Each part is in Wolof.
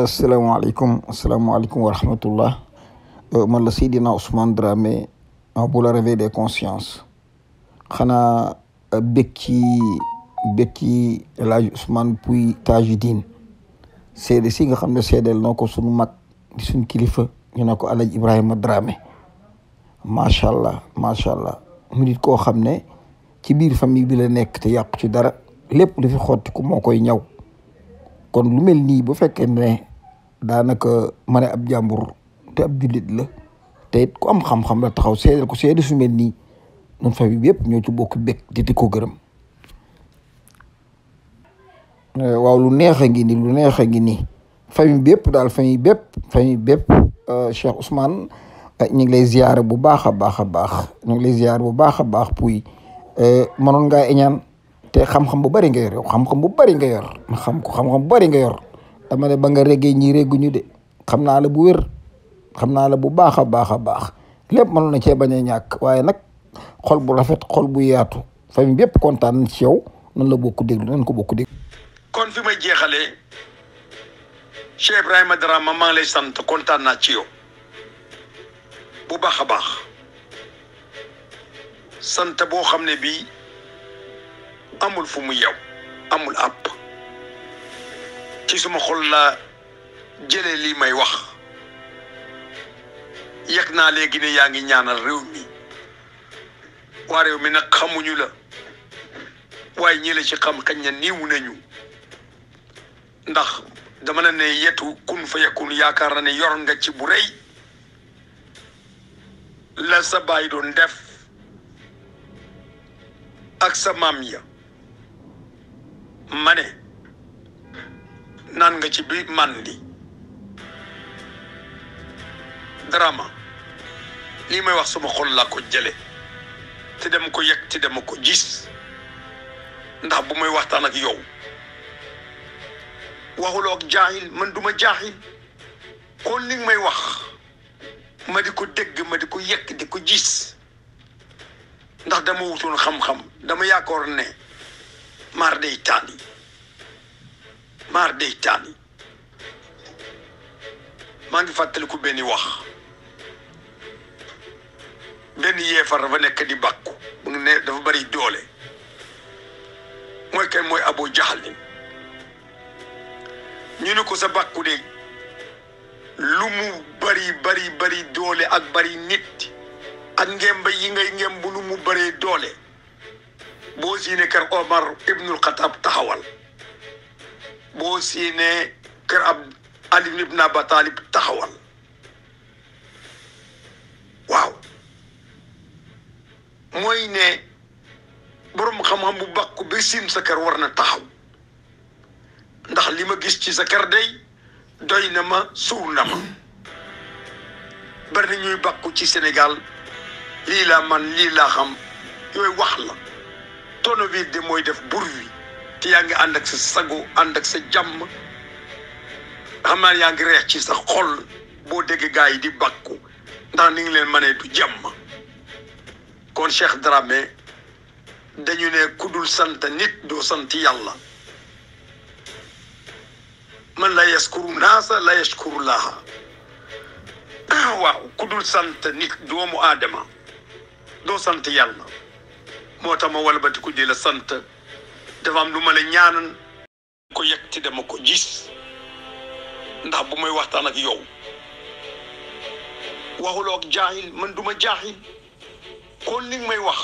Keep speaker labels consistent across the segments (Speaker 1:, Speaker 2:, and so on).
Speaker 1: asalaamaaleykum asalaamaaleykum wa rahmatullah euh, man la Seydina Ousmane Dramé bu la réveil des consciences xanaa euh, békki békki El Hadj Ousmane Pouye Tagidine seede si nga xam ne seedeel noo ko suñu mag di suñ kilifa ñu ne ko El Ibrahima Dramé macha allah macha allah mu koo xam ne ci biir famille bi la nekk te yàqu ci dara lépp lu fi xotti ko moo koy ñaw kon lu mel nii bu fekkee ne daanaka ma ne ab jàmbur te ab jullit la te it ku am xam-xam la taxaw seedal ko seede su mel nii noonu famille bi yëpp ñoo ci bokk bég di di ko gërëm eh, waaw lu neex a ngi nii lu neex a ngi nii famille bépp daal famille bépp famille bépp euh, Cheikh Ousmane eh, ñu ngi lay ziyaare bu baax a baax a baax ñu ngi lay ziyaare bu baax a baax puy eh, mënoon ngaa te xam-xam bu bari nga yor xam-xam bu bari nga yor xam ko xam-xam bu bari nga yor dama ne ba nga reggee ñi regguñu de xam naa la bu wér xam naa la bu baax a baax a baax lépp mënoon na cee bañ ñàkk waaye nag xol bu rafet xol bu yaatu famille bi kontaan nañ ci yow nan la bokk déglu nan ko bokk déglu.
Speaker 2: kon fi may jeexalee Cheikh Ibrahima Drama maa ngi lay sant kontaan naa ci yow bu baax a baax sant boo xam ne bii. amul fu mu yew amul àpp ci suma xol laa jëlee lii may wax yëg naa léegi ne yaa ngi ñaanal réew mi waa réew mi nag xamuñu la waaye ñii la ci xam xañ na niiwu nañu ndax dama la yetu kun fa yakun yaakaar na ne yor nga ci bu rëy la sa baay doon def ak sa maam ya ma naan nga ci bi màndi Darama lii may wax sama xol laa ko jële te dem ko yëg te dem ko gis ndax bu may waxtaan ak yow waxuloo ak jaaxil man duma jaaxil kon may wax ma di ko dégg ma di ko yëg di ko jiis ndax dama wutoon xam-xam dama yaakaar ne mar day taan yi mar day taan yi maa ngi fàttaliku benn wax benn yeefar dafa nekk di bàkku dafa bari doole mooy kay mooy abo jaxalin ñu ne ko sa bàkku de lu mu bari bari bari doole ak bari nit ak ngemba yi ngay ngemb lu mu baree doole boo siinee kër Omar ibnul Xataab taxawal boo siinee kër ab Ali ibn Abi Talib taxawal waaw mooy ne borom xam-xam bu bakku bi siim sa kër war na taxaw ndax li ma gis ci sa kër day doy na ma suur na ma bari na ñuy bakku ci senegal lii laa man lii laa xam yooyu wax la tonnevive de mooy def bruit te yaa ngi ànd ak sa sago ànd ak sa jàmm xam yaa ngi reex ci sa xol boo dégg gaa yi di bàkku ndax ni ngi leen mënee du jàmm kon Cheikh Dramé dañu ne ku sant nit doo sant yàlla man la yaskuru naasa la yaskuru laaha ah, waaw ku sant nit doomu aadama doo sant yàlla moo tax ma walbatiku di la sant dafa am lu ma la ñaanan ko yegg ci dama ko jiis ndax bu may waxtaan ak yow waxuloo ak jaaxil man duma jaaxil kon li may wax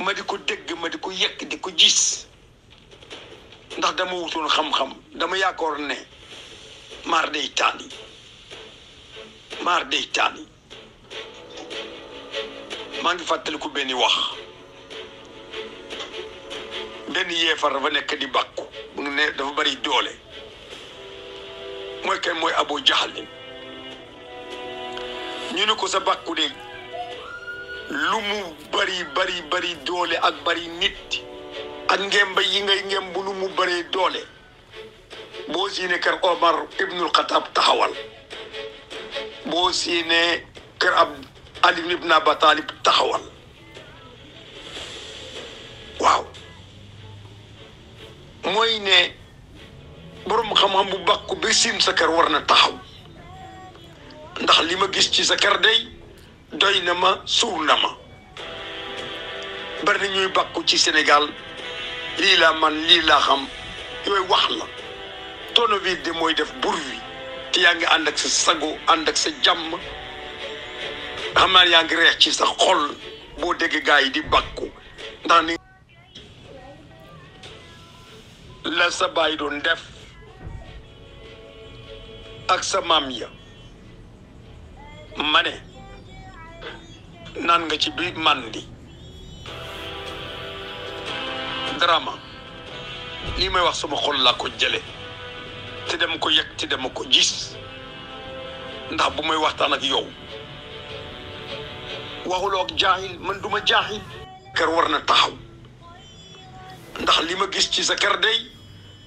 Speaker 2: ma di ko dégg ma di ko yekk di ko jiis ndax dama wutoon xam-xam dama yaakaar ne maar dey taan yi maar day taan maa ngi ku benni wax benn yeefar dafa nekk di bàkku mu ngi ne dafa bari doole mooy kenn mooy abu jaxal ñu ne ko sa bàkku de lu mu bari bari bari doole ak bari nit ak ngemba yi ngay ngem lu mu bari doole boo siine kër Omar ibnul Xataab taxawal boo siinee kër ab Ali ibn Abi Talib taxawal mooy ne borom xam-xam bu bàkku bi siim sa kër war na taxaw ndax li ma gis ci sa kër day doy na ma suur na ma bari na ñuy bàkku ci Sénégal lii laa man lii laa xam yooyu wax la tono bi de mooy def bur wi te yaa ngi ànd ak sa sago ànd ak sa jàmm xam naa yaa ngi reex ci sa xol boo dégg gaa yi di bàkku ndax ni la sa baay doon def ak sa maam ya ma naan nga ci biir màndi Darama lii may wax sama xol ko jële te dem ko yëg te dem ko gis ndax bu may waxtaan ak yow waxuloo ak jaahil man duma jaahil kër war na taxaw ndax li ma gis ci sa kër day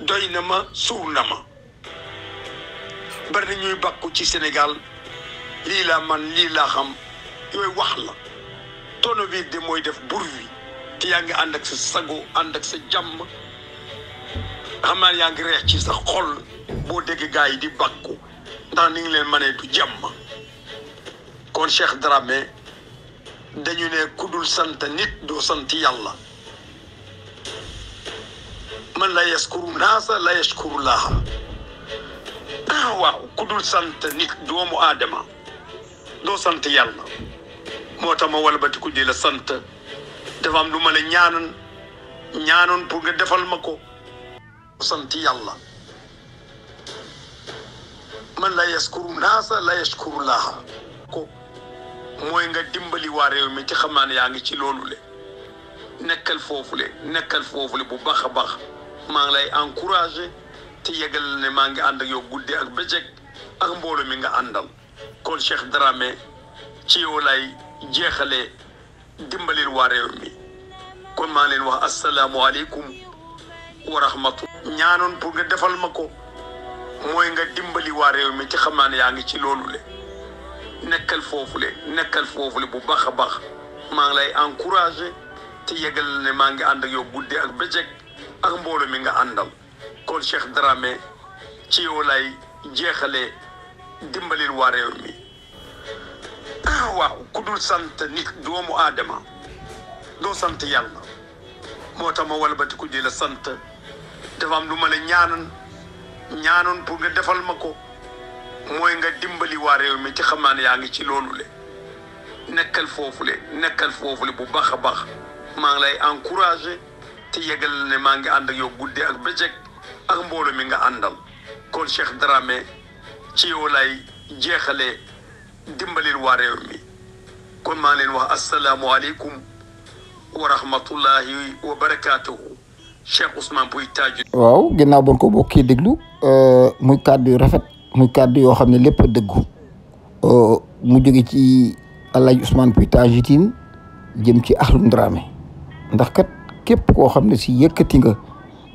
Speaker 2: doy na ma suur na ma bari na ñuy bàkku ci Sénégal lii laa man lii laa xam yooyu wax la tonovir de mooy def bur wi te yaa ngi ànd ak sa sago ànd ak sa jàmm xam yaa ngi reex ci sa xol boo dégg gaa yi di bàkku ndax ni ngi leen mënee du jàmm kon Cheikh Dramé dañu ne ku dul sant nit doo sant yàlla man la yaskuru naasa la yaskuru laaha waaw ku dul sant ni doomu aadama doo sant yàlla moo tax ma walbatiku di la sant dafa am lu ma la ñaanan ñaanoon pour nga defal ma ko sant yàlla man la yaskuru naasa la yaskuru laaha ko mooy nga dimbali waa réew mi ci xamaan yaa ngi ci loolu le nekkal foofu le nekkal foofu le bu baax a baax maa ngi lay encouragé te yëgal ne maa ngi ànd ak yow guddi ak bëccëg ak mbooloo mi nga àndal kon Cheikh Dramé ci yow lay jeexalee dimbalil waa réew mi kon maa ngi leen wax asalaamualeykum wa rahmatullah ñaanoon pour nga defal ma ko mooy nga dimbali waa réew mi ci xam yaa ngi ci loolu le nekkal foofu le nekkal foofu le bu baax a baax maa ngi lay encouragé te yëgal ne maa ngi ànd ak yow guddi ak bëccëg ak mbooloo mi nga àndal kon Cheikh Dramé ci yow lay jeexalee dimbalil waa mi ah, waaw ku dul sant nit doomu aadama doo sant yàlla moo tax ma walbatiku di la sant dafa am lu ma la ñaanan ñaanoon pour nga defal ma ko mooy nga dimbali waa réew mi ci xam yaa ngi ci loolu le nekkal foofu le nekkal foofu le bu baax a baax maa ngi lay encourage te yëgal ne maa ngi ànd ak yow guddee ak bëccëg ak mbooloo mi nga àndal kon Cheikh Dramé ci yow lay jeexalee dimbalil mi kon maa leen wax asalaamualeykum wa rahmatullahi wa barakaatuhu
Speaker 1: Cheikh Ousmane Pouye Tadjou. waaw ginnaaw bon ko bokkee déglu euh, muy kàddu yu rafet muy kàddu yoo xam ne lépp a euh, mu jóge ci El Hadj Ousmane Pouye Tadjou jëm ci Akhlou Dramé ndax kat. képp koo xam ne si yëkkati nga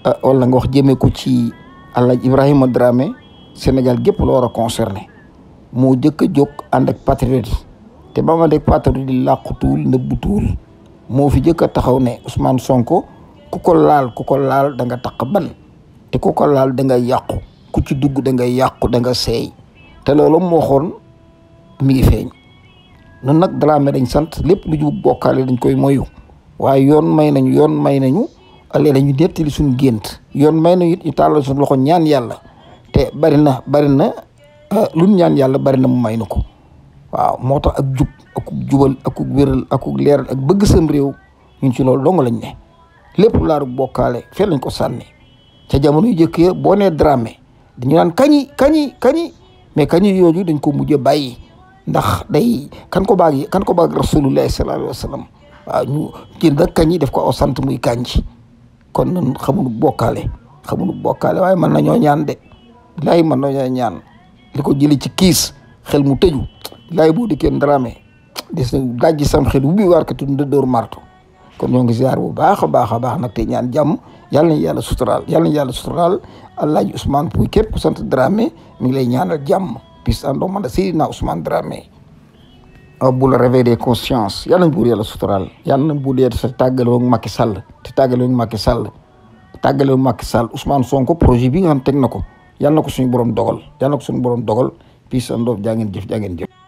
Speaker 1: ah, wala nga wax jëmee ko ci Alaaji Ibrahima Dramé Sénégal gépp la war a concerné moo jëkk a jóg ànd ak patriote yi te ba mu ànd ak patriote yi làqutuwul tuul moo fi jëkk a taxaw ne Ousmane Sonko kuko laal ku ko laal da nga taq ban te ku ko laal da nga yàqu ku ci dugg da nga yàqu da nga seey te loolu moo xoon mi ngi feeñ noonu nag Dramé dañ sant lépp lu ñu bokkaale dañ koy moyu waaye yoon may nañu yoon may nañu ale la ñu dettali suñ gént yoon may nañu it ñu tàllal suñ loxo ñaan yàlla te bari na bari na ah, lu ñaan yàlla bari na mu may na ko waaw moo tax ak jub akuk jubal akuk wéral akuk leeral ak bëgg sam réew ñu ci lool dong lañ ne lépp laaru bokkaale fee lañ ko sànni ca jamono yu jëkk ya boo nee Dramé dañu naan kañi kañi kañi mais kañi yooyu dañ ko mujj a bàyyi ndax day kan ko baag kan ko baag rasulullahi sallallahu alayhi wa waaw ñu jënd ak kañ yi def ko aw sant muy kànji kon nun xamuñu bokkaale xamuñu bokkaale waaye mën nañoo ñaan de bilaay mën nañoo ñaan li ko jëli ci kiis xel mu tëju bilaay boo di Dramé des na dajji sam xel ubbi waar katu ndëddoor marto kon ñoo ngi ziar bu baax a baax a baax nag te ñaan jàmm yàlla na yàlla suturaal yàlla na yàlla suturaal Alaaji Ousmane Pouye képp ku sant Dramé mi ngi lay ñaanal jàmm bis àndoo man da Seydina Ousmane Dramé a ah, la réveil des consciences yàlla na buur yàlla suturaal yàlla na buur yàlla sa tàggaloo ak Macky Sall te tàggaloo ak Macky Sall tàggaloo ak Sall Ousmane Sonko projet bi nga teg na ko yàlla ko suñu borom dogal yàlla na suñu borom dogal puis sa ndoof jaa ngeen jëf jaa ngeen